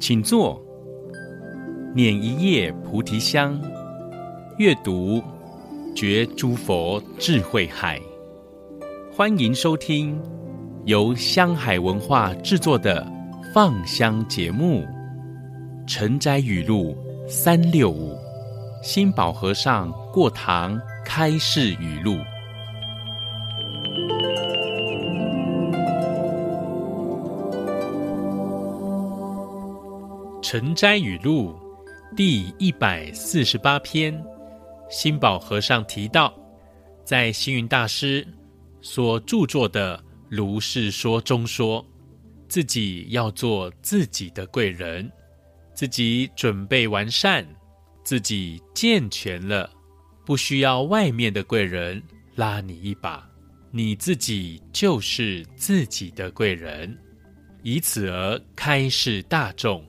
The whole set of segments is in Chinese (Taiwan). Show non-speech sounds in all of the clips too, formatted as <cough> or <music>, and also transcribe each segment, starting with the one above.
請坐。捻一葉菩提香，閱讀覺諸佛智慧海。歡迎收聽由香海文化製作的放香節目《晨齋語錄》三六五，心保和尚過堂開示語錄。《晨齋語錄》第一百四十八篇，心保和尚提到，在星雲大師所著作的《如是說》中，說自己要做自己的貴人，自己準備完善，自己健全了，不需要外面的貴人拉你一把，你自己就是自己的貴人，以此而開示大眾。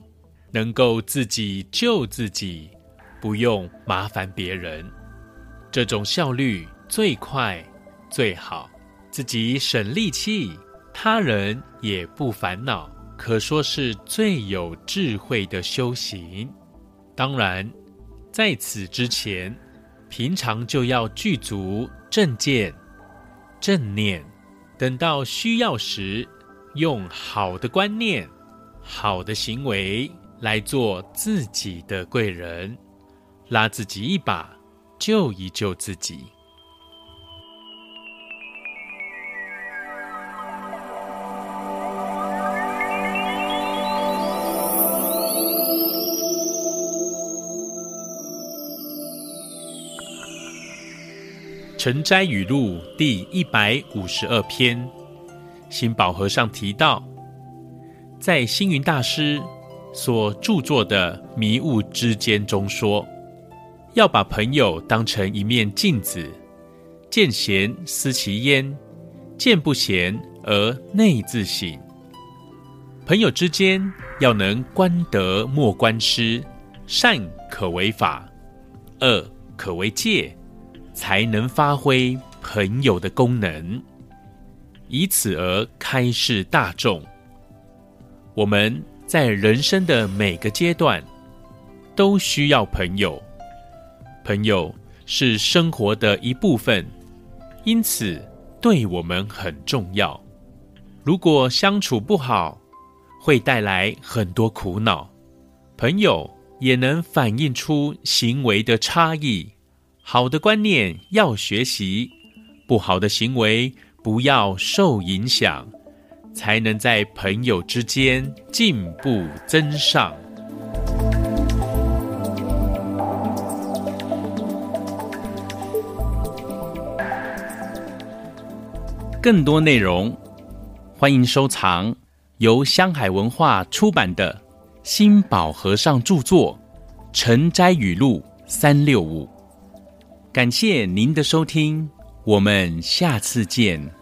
能夠自己救自己，不用麻煩別人，這種效率最快最好，自己省力氣，他人也不煩惱，可說是最有智慧的修行。當然，在此之前，平常就要具足正見、正念，等到需要時，用好的觀念、好的行為。來做自己的貴人，拉自己一把，救一救自己。 <noise> 晨齋語錄第一百五十二篇，心保和尚提到，在星雲大師，所著作的《迷霧之間》中說，要把朋友當成一面鏡子，見賢思齊焉，見不賢而內自省。朋友之間要能觀德，莫觀失；善可為法，惡可為戒，才能發揮朋友的功能，以此而開示大眾。我們。在人生的每個階段，都需要朋友。朋友是生活的一部分，因此對我們很重要。如果相處不好，會帶來很多苦惱。朋友也能反映出行為的差異。好的觀念要學習，不好的行為不要受影響，才能在朋友之間進步增上。更多內容，歡迎收藏由香海文化出版的《心保和尚著作·晨齋語錄》三六五。感謝您的收聽，我們下次見。